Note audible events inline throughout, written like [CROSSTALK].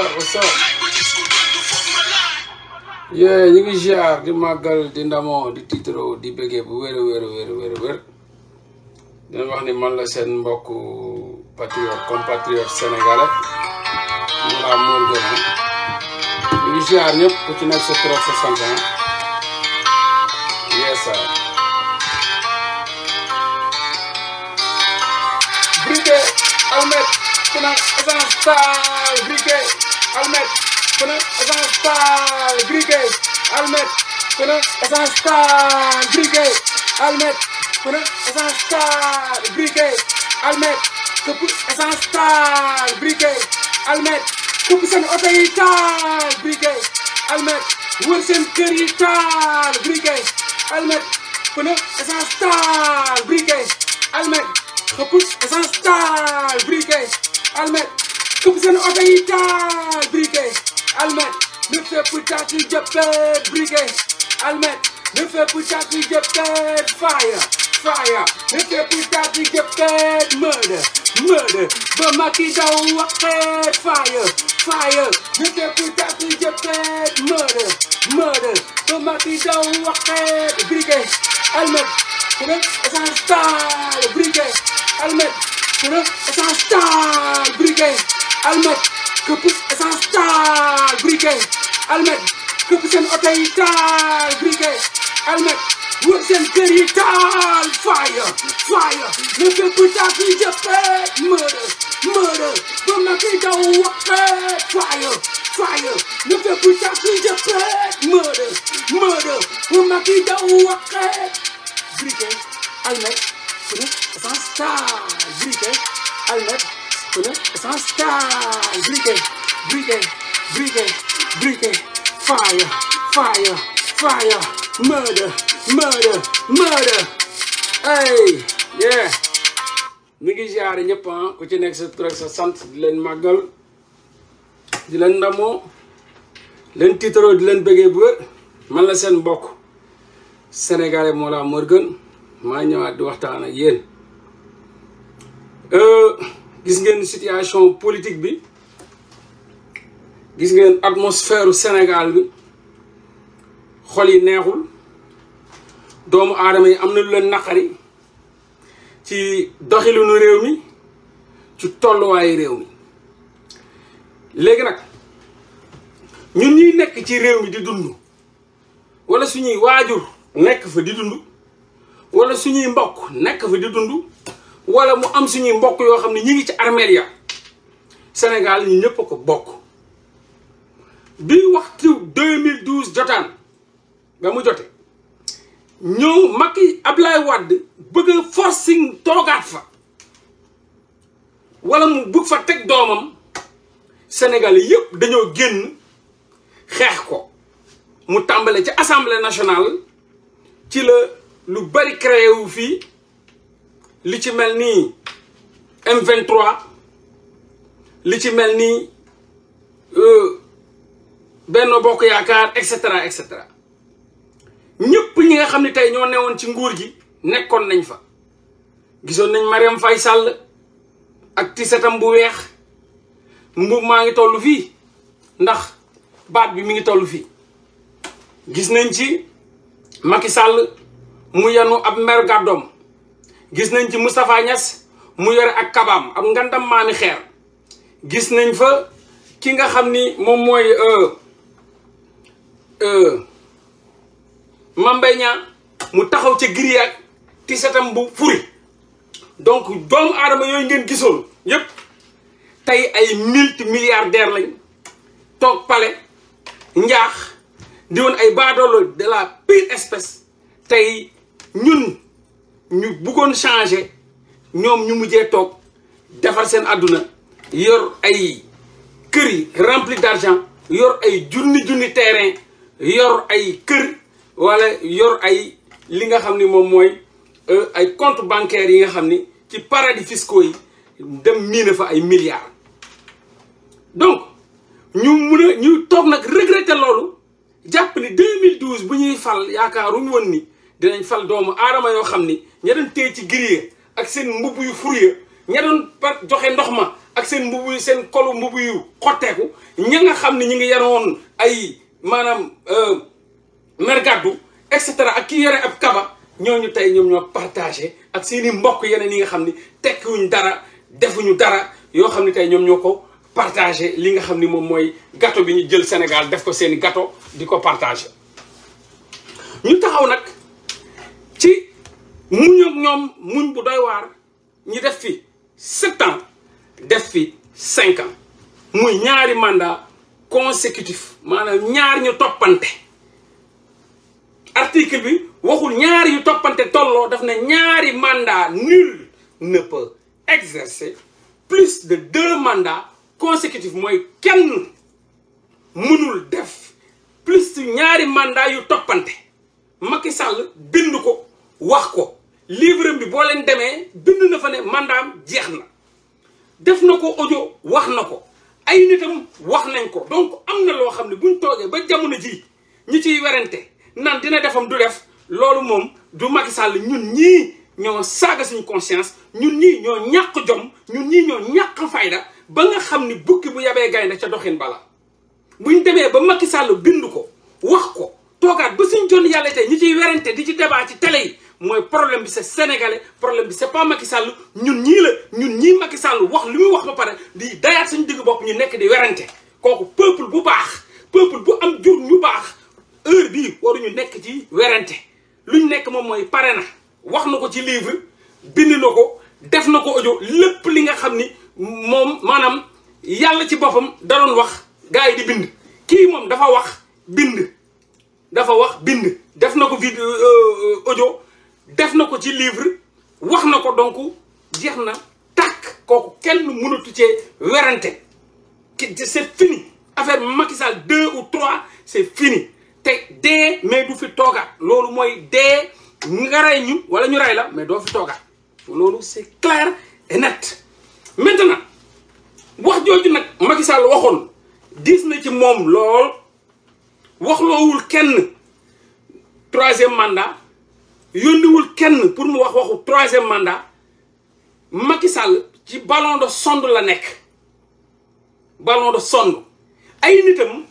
up what's up yeah ñu ngi ziar di màggal di ndamoo di tiitaroo di bëggee bu wér a wér a wér a wér a wér dina wax ni man la seen mbokk patriote compatriote sénégalais mu laa moor gën ñu ngi ziar ñëpp ku ci nekk sa trop sa sant yes sir briquet Ahmed ku naan Assane Sall briquet almet fëna essence taal briquet almet fëna essence taal briquet almet fëna essence taal briquet almet këpp essence taal briquet almet këpp seen oto yi taal briquet almet wër seen kër yi taal briquet almet fëna essence taal briquet almet këpp essence taal briquet almet sub seen oto yi taal briquet almet ne fépp tàkk jëppët briquet almet ne fépp tàkk jëppët fire fire ne fépp tàkk jëppët murder murder ba Macky daw waxeet fire fire ne fépp tàkk jëppët murder murder ba Macky daw waxeet briquet almet ne essence taal briquet almet ne essence taal briquet almet këpp essence taal briquet almet këpp seen oto yi taal briquet almet wër seen kër yi taal fire fire ne fépp taa fi daw waxee fire fire ne fépp taa fi jëppee murder murder ba Macky daw waxee briquet almet këpp essence taal briquet almet Voilà, c'est un star. Briquet, briquet, briquet, Fire, fire, fire. Murder, murder, murder. Hey, yeah. ñu ngi ziare ñëpp ah. ku ci nekk sa tur sa sant di leen màggal di leen ndamoo leen tiitaroo di leen bëggee bu man la seen mbokk sénégalais Mollah Morgun maa ñëwaat di waxtaan ak yéen. Euh, gis ngeen situation politique bi gis ngeen atmosphère Sénégal bi xol yi neexul doomu aadama yi am na lu leen naqari ci doxilinu réew mi ci tolluwaayu réew mi léegi nag ñun ñuy nekk ci réew mi di dund wala suñuy waajur nekk fa di dund wala suñuy mbokk nekk fa di dund wala mu am suñuy mbokk yoo xam ne ñu ngi ci armeel ya Sénégal ñu ñëpp a ko bokk bi waxtu 2012 jotaan ba mu jote ñëw Macky Ablaye Wade bëgg a forcing toogaat fa wala mu bëgg fa teg doomam Sénégal yëpp dañoo génn xeex ko mu tàmbale ci assemblée nationale ci la lu bari créé wu fii li ci mel nii m li ci mel nii euh, benn Bokk Yaakaar et cetera et cetera ñëpp ñi nga xam ni tey ñoo newoon ci nguur gi nekkoon nañ fa gisoon nañ Mariam Faye sàll ak tisetam bu weex mbubb maa ngi toll fii ndax baat bi mu ngi toll fii gis nañ ci Macky sàll mu yenu ab mer gàddoom gis nañ ci Moustapha Niass mu yore ak kabaam am ngandam maami xeer gis nañ fa ki nga xam ni moom mooy euh, euh, mambay ñaa mu taxaw ci giri ak ti setam bu furi donc doomu aadama yooyu ngeen gisoon yépp tey ay multi milliardaire lañ toog pale njaax di woon ay baadoolo de la pire espèce tey ñun ñu buggoon changé ñoom ñu mujjee toog defar seen àdduna yor ay kër yi rempli d'argent yor ay junni junni terrain yor ay kër wala yor ay li nga xam ni moom mooy euh, ay compte bancaire yi nga xam ni ci paradis fiscaux yi dem miina fa ay milliards donc ñu mun a ñu toog nag regretter loolu jàpp ni 2012 bu ñuy fal yaakaaruñu woon ni dinañ fal doomu aadama yoo xam ni ña doon téye ci grille ak seen mbubb yu furuya ña par joxe ndox ma ak seen mbubb yu seen kolu mbubb yu xotteeku ña nga xam ne ñu ngi yaroon ay maanaam euh, mergaddu et cetera ak ki yore ab kaba ñooñu tey ñoom ñoo partagé ak seen i mbokk yeneen yi nga xam ni tekkiwuñ dara defuñu dara yoo xam ne tey ñoom ñoo ko partagé li nga xam ni moom mooy gato bi ñu jël Sénégal def ko seen i gâteau di ko partagé ñu taxaw nag ci muñ ñoom muñ bu doy waar ñi def fi sept ans def fi cinq ans muy ñaari mandat consécutif maana ñaar ñu toppante article bi waxul ñaar yu toppante tolloo daf na ñaari mandat nul ne peut plus de deux mandats consécutifs mooy kenn mënul def plus ñaari màndaa yu toppante Macky sàll bind ko wax ko livre bi boo leen demee bind na fa ne mandaam jeex na def na ko audio wax na ko ay nitam wax nañ ko donc am na loo xam ne buñ toogee ba jamono ji ñi ciy werante naan dina defam du def loolu moom du Macky Sall ñun ñii ñoo saaga suñu conscience ñun ñii ñoo ñàkk jom ñun ñii ñoo ñàkk fayda ba nga xam ni bukki bu yabee gaynde ca doxin bala buñ demee ba Macky Sall bind ko wax ko toogaat ba suñ jon yàlla tey ñi ciy werante di ci débat ci télé yi mooy problème bi c'est sénégalais problème bi c'est pas Macky Sall ñun ñii la ñun ñii Macky Sall wax li muy wax ba pare di dayaat suñu digg bopp ñu nekk di werante kooku peuple bu baax peuple bu am jur ñu baax heure bii waruñu nekk ci werante ñu nekk moom mooy pare na wax na ko ci livre bind na ko def na ko audio lépp li nga xam ni moom maanaam yàlla ci boppam da wax gars yi di bind kii moom dafa wax bind dafa wax bind def na ko vidéo euh, euh, audio def na ko ci livre wax na ko donc jeex na takk kooku kenn mënatu ci werante c'est fini affaire Macky Sall deux ou trois c'est fini te dee mais du fi tooga loolu mooy dee nga rey ñu wala ñu rey la mais doo fi toogaat loolu c'est clair et net maintenant wax jooju nag Macky Sall waxoon dis na ci moom lool waxloowul kenn troisième mandat yónniwul kenn pour mu wax waxu troisième mandat Macky Sall ci ballon de sonde la nekk ballon de sonde ay nitam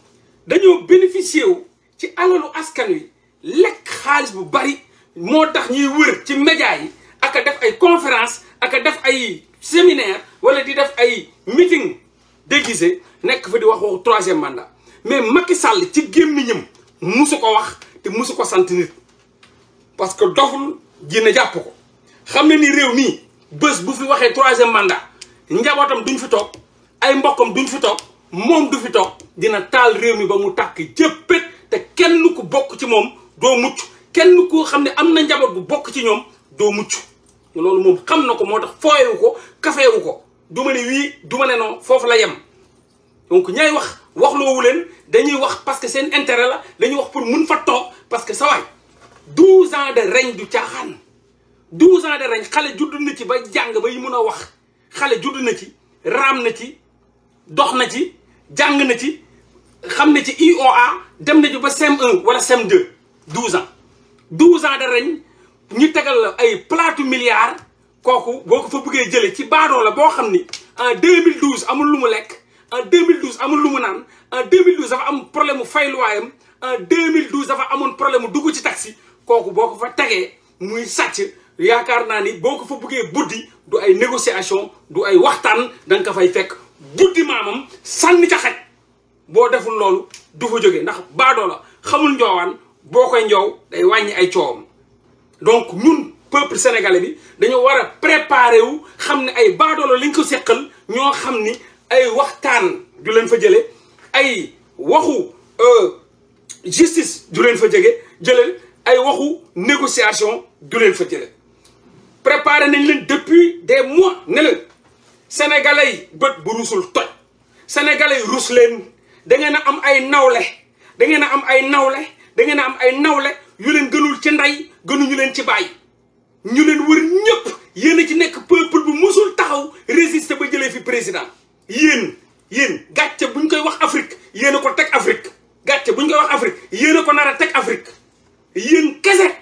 dañoo bénéficier wu ci alalu askan wi lekk xaalis bu bari moo tax ñuy wër ci média yi ak a def ay conférence ak def ay séminaire wala di def ay meeting déguisé nekk fa di wax waxu troisième mandat mais Macky Sall ci gémmiñam musu ko wax te musu ko sant nit parce que doful jinne jàpp ko xam ne nii réew mii bés bu fi waxee troisième mandat njabootam duñ fi toog ay mbokkam duñ fi toog moom du fi toog dina taal réew mi ba mu tàkk jëppét te kenn ku bokk ci moom doo mucc kenn koo xam ne am na njaboot bu bokk ci ñoom doo mucc loolu moom xam na ko moo tax fooyewu ko kafeewu ko du ma ne wii du ma ne foofu la yem donc ñay wax waxloowu leen dañuy wax parce que seen intérêt la dañuy wax pour mun fa toog parce que sa waay douze ans de règne du caaxaan douze ans de règne xale judd na ci ba jàng ba yi mun a wax xale judd na ci raam na ci dox na ci jàng na ci xam na ci IOA dem na ci ba cm walla wala CM2 douze ans douze de règne ñu tegal la ay plaatu milliards kooku boo ko fa bëggee jëlee ci baadoo la boo xam ni en 2012 amul lu mu lekk en 2012 amul lu mu naan en 2012 dafa am problème mu fay luwaayam en 2012 dafa amoon problème mu dugg ci taxi kooku boo ko fa tegee muy sàcc yaakaar naa ni boo ko fa buggee buddi du ay négociation du ay waxtaan da ko fay fekk buddi maamam sànni ca xaj boo deful loolu du fa jóge ndax baadoo la xamul njoowaan boo koy njoow day wàññi ay coowam donc ñun peuple sénégalais bi dañoo war a préparer wu xam ne ay baadoo la liñ ko seqal ñoo xam ni ay waxtaan du leen fa jële ay waxu euh, justice du leen fa jege jëlee ay waxu négociation du leen fa jële préparé nañ leen depuis des mois ne leen sénégalais yi bët bu rusul toj sénégalais yi leen da ngeen a am ay nawle da ngeen a am ay nawle da ngeen a am ay nawle yu leen gënul ci ndey gënuñu leen ci bàyyi ñu leen wër ñëpp yéen a ci nekk peuple bu musul taxaw résister ba jëlee fi président yéen yéen gàcce buñ koy wax Afrique yéen a ko teg Afrique gàcce buñ koy wax Afrique yéen ko nar a teg Afrique kese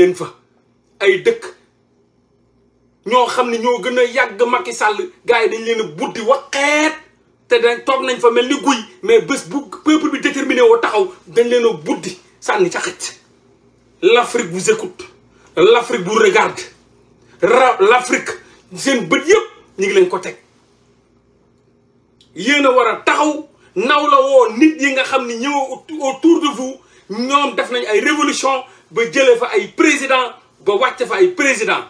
leen fa ay dëkk ñoo xam ne ñoo gën a yàgg Macky sàll gars yi dañ leen a buddi waxeet te dañ toog nañ fa mel ni guy mais bés bu peuple bi déterminé woo taxaw dañ leen a buddi sànni ca xëcc l'Afrique vous écoute l'Afrique vous regarde ra l'Afrique seen bët yëpp ñu ngi leen ko teg yéen a war a taxaw naw la woo nit yi nga xam ne ñëw autour de vous ñoom def nañ ay révolution ba jëlee fa ay président ba wàcce fa ay président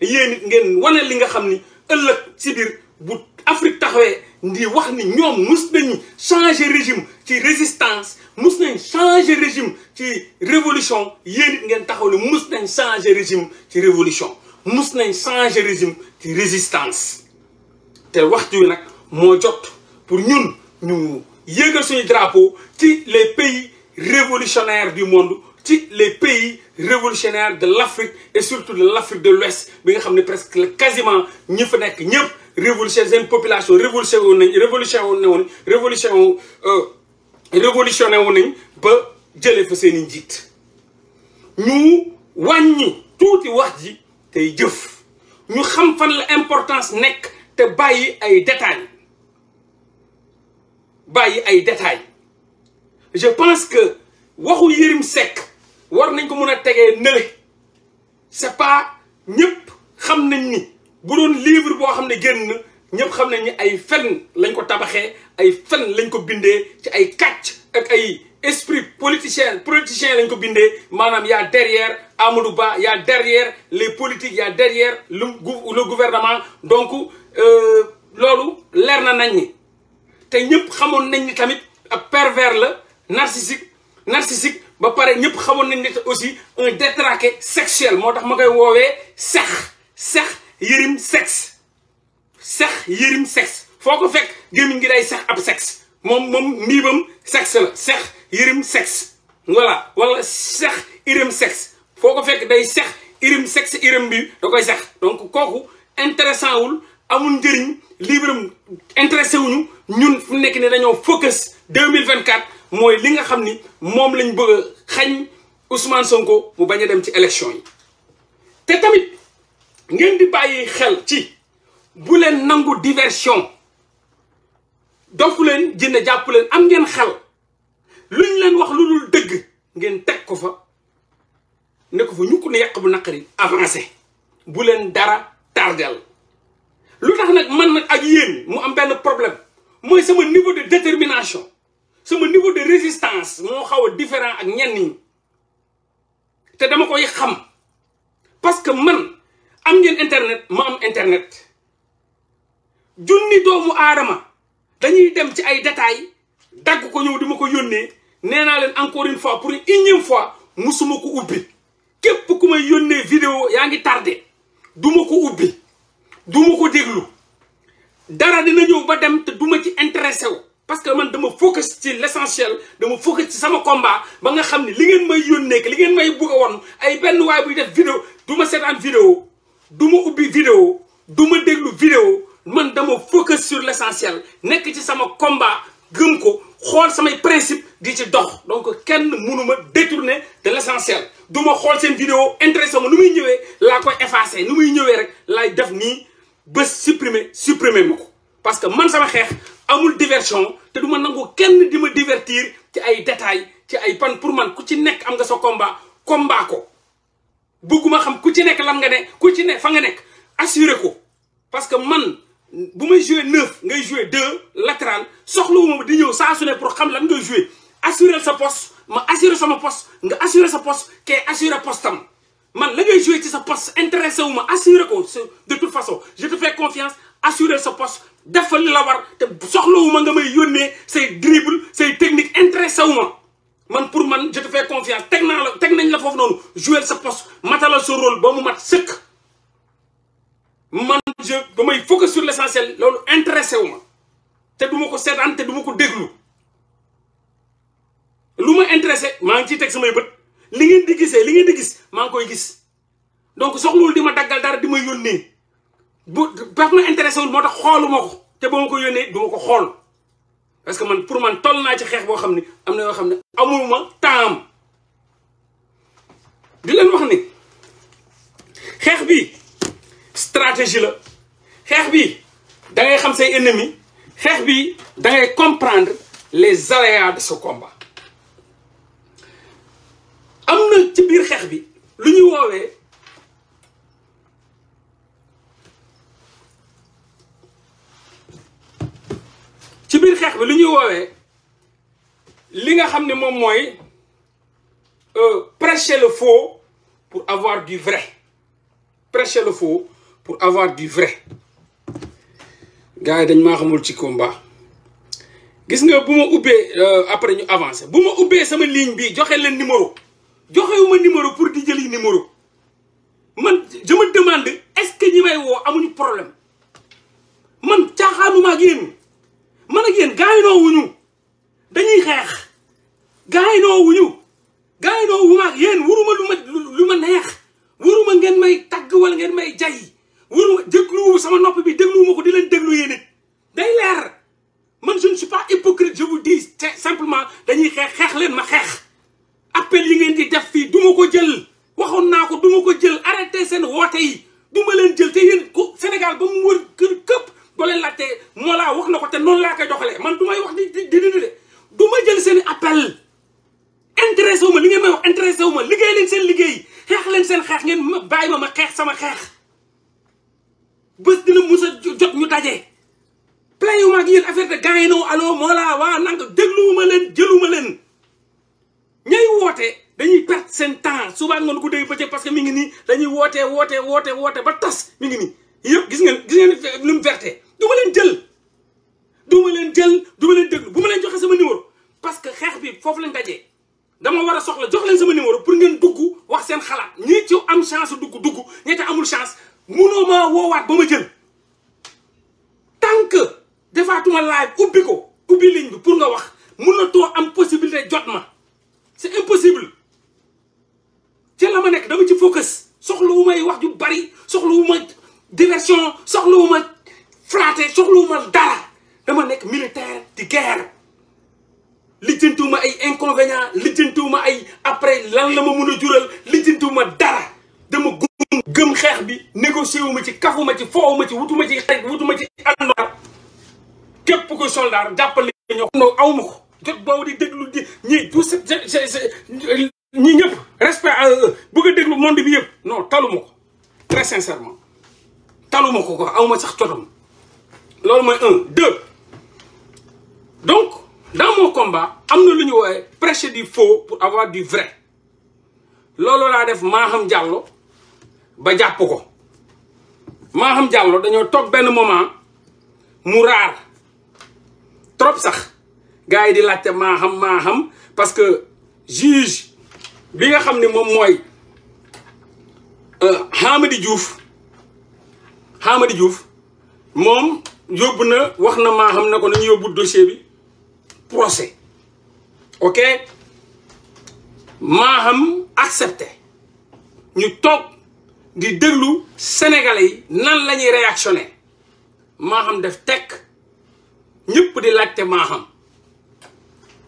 yéen it ngeen wane li nga xam ni ëllëg si biir bu Afrique taxawee ndi wax ni ñoom mus nañu changer régime ci résistance mus nañ changer régime ci révolution yéen ngeen taxaw ne mus nañ changer régime ci révolution mus nañ changer régime ci résistance te waxtu wi nag moo jot pour ñun ñu yéegal suñu drapeau ci les pays révolutionnaires du monde ci les pays révolutionnaires de l'Afrique et surtout de l'Afrique de l'Ouest bi nga xam ne presque quasiment ñi fa nekk ñëpp révolution seen population révolution woon nañ révolution woon na woon révolution euh, révolutionné woon nañ ba jëlee fa seen i ñu wàññi tuuti wax ji tey jëf ñu xam fan la importance nekk te bàyyi ay détails bàyyi ay détails je pense que waxu Yérim Seck war nañ ko mën a tegee nële c'est pas ñëpp xam nañ ni bu doon livre boo xam ne génn ñëpp xam nañ ni ay fen lañ ko tabaxee ay fen lañ ko bindee ci ay kàcc ak ay esprit politicien politicien lañ ko bindee maanaam yaa derrière Amadou Ba yaa derrière les politiques yaa derrière le le gouvernement donc euh, loolu leer na nañ ni te ñëpp xamoon nañ ni tamit ab pervers la narcissique narcissique ba pare ñëpp xamoon nañ ne aussi un détraqué sexuel moo tax ma koy woowee sex sex yërim sex sex yërim sexe foo ko fekk gémmiñ gi day sex ab sexe moom moom miibam sexe la sex yërim sex voilà wala sex irim sex foo ko fekk day sex irim sexe irim bi da koy sex donc kooku intéressant wul amul njëriñ livre am intéressé wuñu ñun fu nekk ne dañoo focus 2024 mooy li nga xam ni moom lañ bëgg a xañ Ousmane Sonko mu bañ a dem ci élection yi te tamit ngeen di bàyyi xel ci bu leen nangu diversion dofu leen jinne jàpp leen am ngeen xel luñ leen wax lu dul dëgg ngeen teg ko fa ne ko fa ñu ko ne yàq bu naqari avancé bu leen dara tardel lu tax nag man nag ak yéen mu am benn problème mooy sama niveau de détermination sama niveau de résistance moo xaw a différent ak ñenn ñi te dama koy xam parce que man am ngeen internet ma am internet ni doomu aadama dañuy dem ci ay détails dagg ko ñëw di ma ko yónnee nee naa leen encore une fois pour une énième fois musuma ko ubbi képp ku may yónnee vidéo yaa ngi tardé duma ko ubbi duma ko déglu dara dina ñëw ba dem te duma ci intéressé wu parce que man dama focus ci l'essentiel dama focus ci sama combat ba nga xam ne li ngeen may nekk li ngeen may bëgg woon ay benn waay buy def vidéo du ma seetaan vidéo du ma ubbi vidéo du ma déglu vidéo man dama focus sur l'essentiel nekk ci sama combat gëm ko xool samay principe di ci dox donc kenn mënuma détourner de l'essentiel du ma xool seen vidéo intéressé ma nu muy ñëwee laa koy effacer nu muy ñëwee rek laay def nii ba supprimer supprimer ma ko parce que man sama xeex amul diversion te du ma nangu kenn di ma divertir ci ay détails ci ay pan pour man ku ci nekk am nga sa combat combat ko bëgguma xam ku ci nekk lan nga ne ku ci ne fa nga nekk assuré ko parce que man bu may joué neuf ngay joué deux latéral soxlawuma di ñëw saa su ne pour xam lan ngay joué assuré sa poste ma assuré sama poste nga assuré sa poste kee assuré postam man la ngay joué ci sa poste intéressé wu ma assuré ko de façon je te fais sa poste def fa li la war te soxlawuma nga may yónnee say dribble say technique intéressé wu ma man pour man je te fais confiance teg naa la teg nañ la foofu noonu jouer sa pos matalal sa rôle ba mu mat sëkk man je ba may focus sur l' essentiel loolu intéressé wu ma te du ma ko seetaan te du ma ko déglu lu ma intéressé maa ngi ciy teg samay bët li ngeen di gisee li ngeen di gis maa ngi koy gis donc soxlawul di ma daggal dara di ma yónnee bu daf na intéressé moo tax xooluma ko te boo ma ko yónnee du ma ko xool parce que man pour man toll naa ci xeex boo xam ne am na yoo xam ne amulma taam di leen wax ni xeex bi stratégie la xeex bi dangay xam say ennemis xeex bi da comprendre les aléas de ce combat am na ci biir xeex bi lu ñuy woowee ci biir xeex bi lu ñuy woowee li nga xam ne moom mooy euh, prêcher le faux pour avoir du vrai prêcher le faux pour avoir du vrai gars yi dañ maa xamul ci combat gis nga bu ma ubbee euh, après ñu avancer bu ma ubbee sama ligne bi joxe leen numéro joxewuma numéro pour di jëli numéro man je me demande est-ce que ñi may woo amuñu problème man caaxaanuma ak yéen man ak yéen gaañoo wuñu dañuy xeex gaañoo wuñu gaañoo wu ma yéen wuruma lu ma lu ma neex wuruma ngeen may tagg wala ngeen may jay wuruma dégluwu sama nopp bi lu dégluwuma ko di leen déglu yéen it day leer man je ne suis pas hypocrite je simplement dañuy xeex xeex leen ma xeex appel yi ngeen di def fii du ma ko jël waxoon naa ko duma ko jël arrêté seen woote yi du leen jël te yéen ko Sénégal ba mu wër kër këpp doo leen laajte moo laa wax na ko te noonu laa koy doxalee man du may wax di di di de du ma jël seen i appel intéressé ma li ngeen may wax intéressé wu ma liggéey leen seen liggéey xeex leen seen xeex ngeen ma bàyyi ma ma xeex sama xeex bés dina mus a jot ñu daje. plain yu ma ak yéen affaire de gars yi noonu allo moo laa waa nang dégluwuma leen jëluma leen ñay woote dañuy perte seen temps suba nga nu ko dégg bëccëg parce que mi ngi nii dañuy woote woote woote woote ba tas mi yëpp gis ngeen gis ngeen lu mu du leen jël du ma leen jël du ma leen déglu bu ma leen joxe sama numéro parce que xeex bi foofu lañ dajee dama war a soxla jox leen sama numéro pour ngeen dugg wax seen xalaat ñi ci am chance dugg dugg ñi ci amul chance munoo maa woowaat ba ma jël tant que defaatuma laaj ubbi ko ubbi ligne bi pour nga wax munatoo am possibilité jot ma c'est impossible ci la ma nekk dama ci focus soxla wu may wax ju bari soxla wu ma diversion soxla wu ma flatter soxluwuma dara dama nekk militaire di guerre lijjantiwuma ay inconvénients lijjantiwuma ay après lan la ma mun a jural lijjantiwuma dara dama gëm gëm xeex bi négocier wu ma ci kafuma ci foowuma ci wutuma ci xarit wutuma ci àndoor képp ko soldat jàppale ñoo no aw ma ko jot boobu di déglu di ñi tout ñëpp respect euh, bëgg a déglu monde bi yëpp non taluma ko très sincèrement taluma ko ko aw ma sax jotam loolu mooy un deux donc dans mon combat am na lu ñu woowee prêcher du faux pour avoir du vrai loolu laa def Maham Diallo ba jàpp ko Maham Diallo dañoo toog benn moment mu raar trop sax gars yi di laajte Maham maaxam parce que juge bi nga xam ne moom mooy euh, Hamadi juuf Hamadi juuf moom yóbbu na wax na maa xam ne ko nañu yóbbu dossier bi procès ok maa xam accepté ñu toog di déglu sénégalais yi nan lañuy ñuy réactionné maa xam def tekk ñëpp di laajte maa xam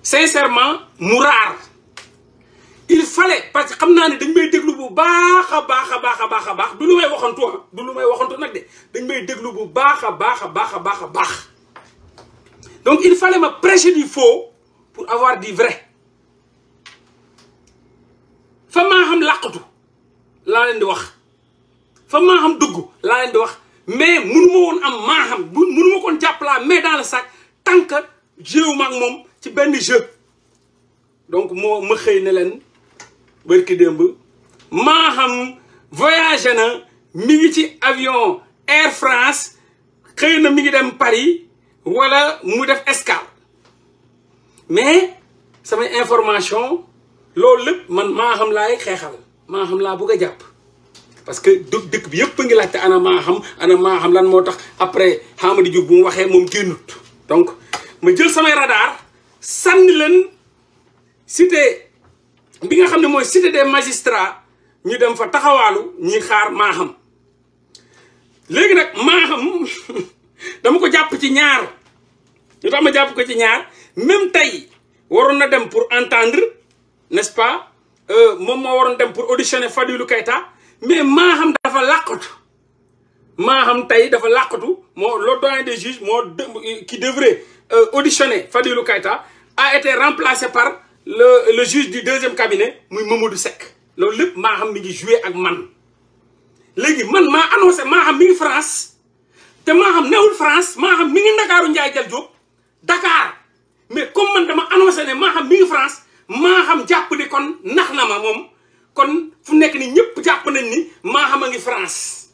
sincèrement mu raar il fallait parce que xam naa ne dañ may déglu bu baax a baax a baax a baax a baax du lu may waxantu ah du lu may waxantu de dañ may déglu bu baax a baax a baax a baax a baax donc il fallait ma prêcher du faux pour avoir du vrai fa maa xam làqatu laa leen di wax fa maa xam dugg laa leen di wax mais munu woon am maa xam bu munu ma koon jàpp laa mais dans le sac tant que moom ci benn jeu donc moo ma xëy ne leen bërki démb maa xam voyagé na mi ngi ci avion Air France xëy na mi ngi dem Paris wala mu def escale mais samay information loolu lépp man maaxam xam laay xeexal maa laa bëgg a jàpp parce que dë dëkk bi yëpp a ngi laajte ana maa xam ana maa xam lan moo tax après Hamady Diouf bu mu waxee moom génnut donc ma jël samay radar sànni leen cité bi nga xam ne mooy cité des magistrats ñu dem fa taxawaalu ñuy xaar maaxam léegi nag maaxam [LAUGHS] dama ko jàpp ci ñaar lu tax ma jàpp ko ci ñaar même tey waroon na dem pour entendre n'est-ce pas euh, moom moo waroon dem pour auditionner Fadilou Keita mais maaxam dafa làqatu maaxam tey dafa làqatu moo le doyen des juges moo qui devrait euh, auditionner Fadilou Keita a été remplacé par le le juge du deuxième cabinet muy Mamadou Seck loolu lépp maa xam mi ngi joué ak man léegi man maa annoncé maa xam mi ngi France te maa xam newul France maa xam mi ngi Ndakaaru Ndiaye Jal Diop Dakar mais comme man dama mi ngi France maa xam jàpp ne kon nax na ma moom kon fu nekk ni ñëpp jàpp nañ ni maa xam a ngi France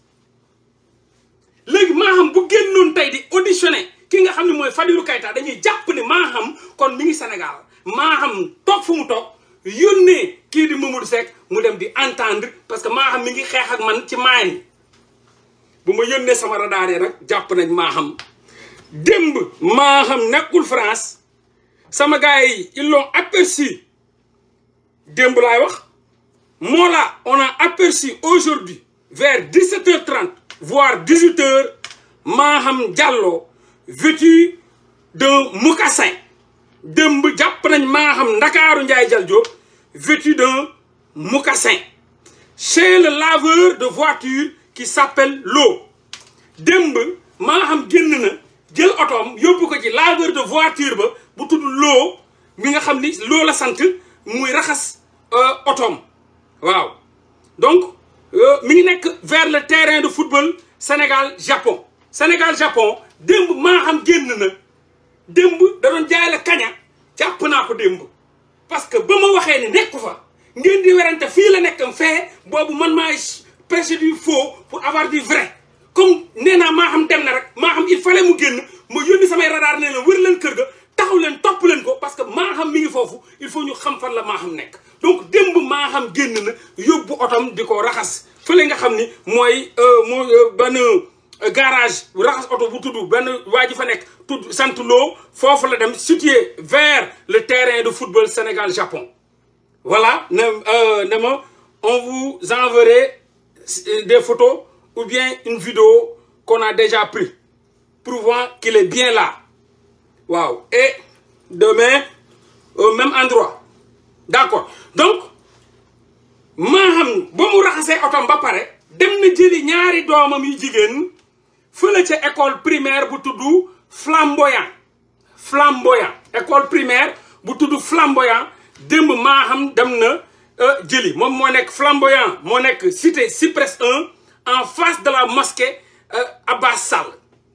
léegi maa xam bu génnoon tey di auditionné ki nga xam ne mooy Fadilou Keita dañuy jàpp ne maa xam kon mi ngi Sénégal maa xam toog fu mu toog yónnee kii di Mamadou Seck mu dem di entendre parce que maa xam mi ngi xeex ak man ci maayan bu ma yónnee sama radar yi jàpp nañ maaxam xam démb maa xam nekkul France sama gars yi ils l'ont laay wax moo la on a aperçu aujourd'hui vers 17h30 voire 18h maa xam Diallo vêtu d'un démb jàpp nañ maa xam ndakaaru Ndiaye Dial Diop vêtu d'un mocassin laveur de voiture ki s'appelle Lo démb maa xam génn na jël otom yóbbu ko ci laveur de voiture ba bu tudd Lo mi nga xam ni Lo la sant muy raxas euh, otom waaw donc euh, mi ngi nekk vers le terrain de football Sénégal Japon Sénégal Japon démb maa xam génn na démb da doon jaay la kaña jàpp naa ko démb parce que ba ma waxee ne nekku fa ngeen di werante fii la nekk nekkam fee boobu man maay prêcher du faux pour avoir du vrai comme nee naa maa xam dem na rek maa xam il fallait mu génn ma yónni samay radar ne leen leen kër ga taxaw leen topp leen ko parce que maa xam mi ngi foofu il faut ñu xam fan la maa xam nekk donc démb maa xam génn na yóbbu otom di ko raxas fële nga xam ni mooy euh, euh, ban garage raxas oto bu tudd benn waa ji fa nekk tudd sant loo foofu la dem situé vers le terrain de football Sénégal Japon voilà ne euh, ne on vous enverrait euh, des photos ou bien une vidéo qu'on a déjà pris prouvant qu'il est bien là waaw et demain même endroit d'accord donc maa xam ba mu raxasee otom ba pare dem na jëli ñaari doomam yu jigéen fële ca école primaire bu tuddu flamboyant flamboyant école primaire bu tudd flamboyan démb maa xam dem na euh, jëli moom moo nekk flamboyant moo nekk cité Cyprès 1 en face de la mosquée euh, Abbas Sall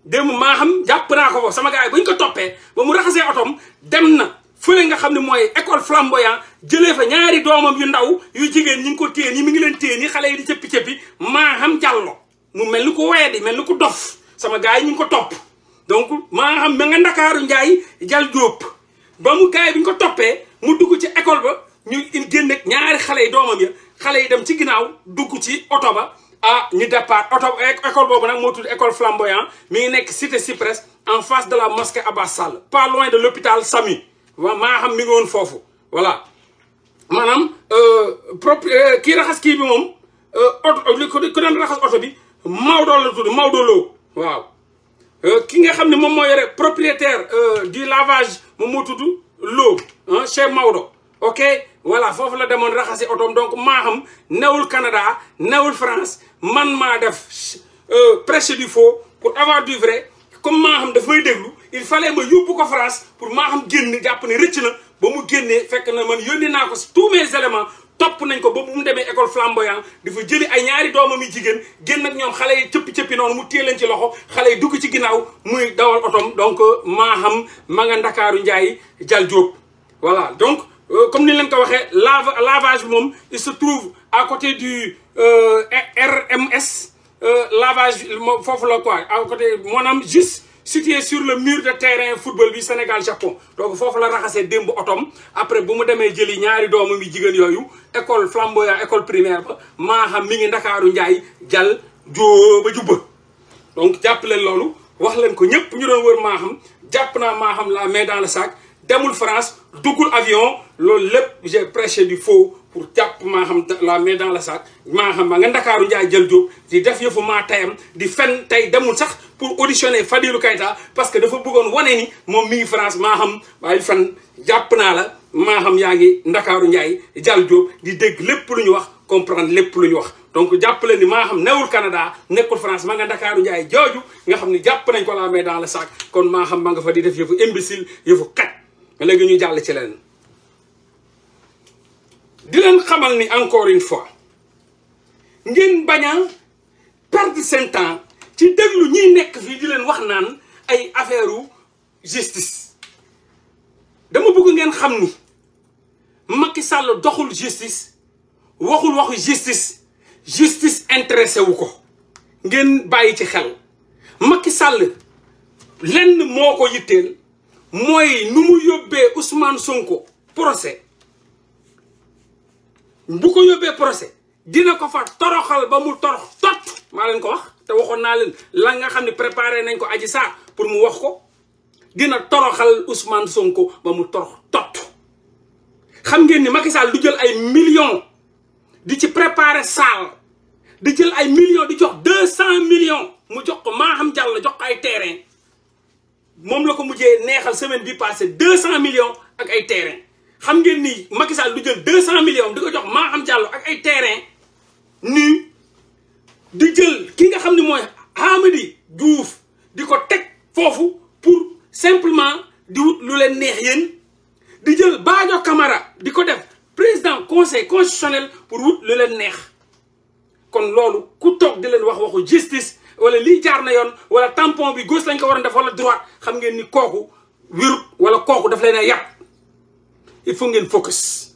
démb maa xam jàpp naa ko fa sama gars yi ñu ko toppee ba mu raxasee otom dem na fële nga xam ne mooy école flamboyant jëlee fa ñaari doomam yu ndaw yu jigéen ñi ngi ko téye ni mi ngi leen téye ni xale yi di cëppi-cëppi maa xam jàllo mu mel ni ko weedi mel ni ko dof sama gars yi ñu ko topp donc maa xam ma nga ndakaaru njaay jal jóob ba mu gars yi bi ñu ko toppee mu dugg ci école ba ñu génn ak ñaari xale yi doomam ya xale yi dem ci ginnaaw dugg ci oto ba ah ñu départ oto école boobu nag moo tudd école flamboyant mi ngi nekk cité Cyprès en face de la mosquée Abbas Sall pas loin de l'hôpital Samy wa maa xam mi ngi woon foofu voilà maanaam euh, pro euh, kii raxas kii bi moom euh, oto ku doon raxas oto bi Maodo la tudd waaw euh, ki nga xam ne moom mooy yore propriétaire euh, du lavage moom moo tudd Lo ah chez Maodo ok voilà foofu la demoon raxasi otoom donc maa xam newul Canada newul France man maa def euh, prêcher du faux pour avoir du vrai comme maa xam daf may déglu il fallait ma yóbbu ko France pour maa xam génn jàpp ne rëcc na ba mu génnee fekk na man yónni naa ko tous mes éléments topp nañ ko ba bu mu demee école flamboyant dafa jëli ay ñaari doomam yi jigéen génn nag ñoom xale yi cëpp cëppi noonu mu téye ci loxo xale yi dugg ci ginnaaw muy dawal otom donc euh, maa xam ma ndakaaru njaay jal jóob voilà donc euh, comme ni leen ko waxee lava lavage moom il se trouve à côté du euh, RMS lavage foofu la quoi à côté maanaam juste situé sur le mur de terrain football bi Sénégal Japon donc foofu la raxasee démb otom après bu mu demee jëli ñaari doomam yi jigéen yooyu école flamboyant école primaire ba maaxam mi ngi ndakaaru njaay jal joo ba jubba donc jàpp leen loolu wax leen ko ñëpp ñu doon wër maa jàpp naa maaxam laa mais main dans le sac demul France duggul avion loolu lépp j'ai prêché du faux pour jàpp maa xam la mais dans le sac maa xam ma nga ndakaaru njaay jël jóob di def yëfu maa tayam di fen tey demul sax pour auditionner Fadilou Keita parce que dafa bëggoon wane ni moom mi ngi France maa xam waaye fen jàpp naa la maa xam yaa ngi ndakaaru njaay jal jóob di dégg lépp lu ñu wax comprendre lépp lu ñu wax donc jàpp leen ni maa xam newul Canada nekkul France ma nga ndakaaru njaay jooju nga xam ne jàpp nañ ko la main dans le sac kon maa xam ma nga fa di def yëfu imbécile yëfu kat ba léegi ñu jàll ci leen di leen xamal ni encore une fois ngeen bañ a perdre ci déglu ñiy nekk fii di leen wax naan ay affaire u justice dama bëgg ngeen xam ni Macky sàll doxul justice waxul waxu justice justice intéressé wu ko ngeen bàyyi ci xel Macky Sall lenn moo ko yitteel mooy nu mu yóbbee Ousmane Sonko procès bu ko yóbbee procès dina ko fa toroxal ba mu torox tot maa leen ko wax te waxoon naa leen lan nga xam ne préparé nañ ko aji saa pour mu wax ko dina toroxal Ousmane Sonko ba mu torox tot xam ngeen ni Macky Sall du jël ay millions di ci préparer saal di jël ay millions di jox deux cent million mu jox ko maa xam jàll jox ko ay terrain moom la ko mujjee neexal semaine bi passé deux cent millions ak ay terrain xam ngeen nii Macky Sall du jël deux cent millions di ko jox maa am jàllo ak ay terrain nii di jël ki nga xam ne mooy Hamadi Diouf di ko teg foofu pour simplement di wut lu leen neex yéen di jël Badio Camara di ko def président conseil constitutionnel pour wut lu leen neex kon loolu ku toog di leen wax waxu justice wala lii jaar na yoon wala tampon bi gauche lañ ko war a def wala droite xam ngeen ni kooku wérut wala kooku daf leen a yàq il faut ngeen focus.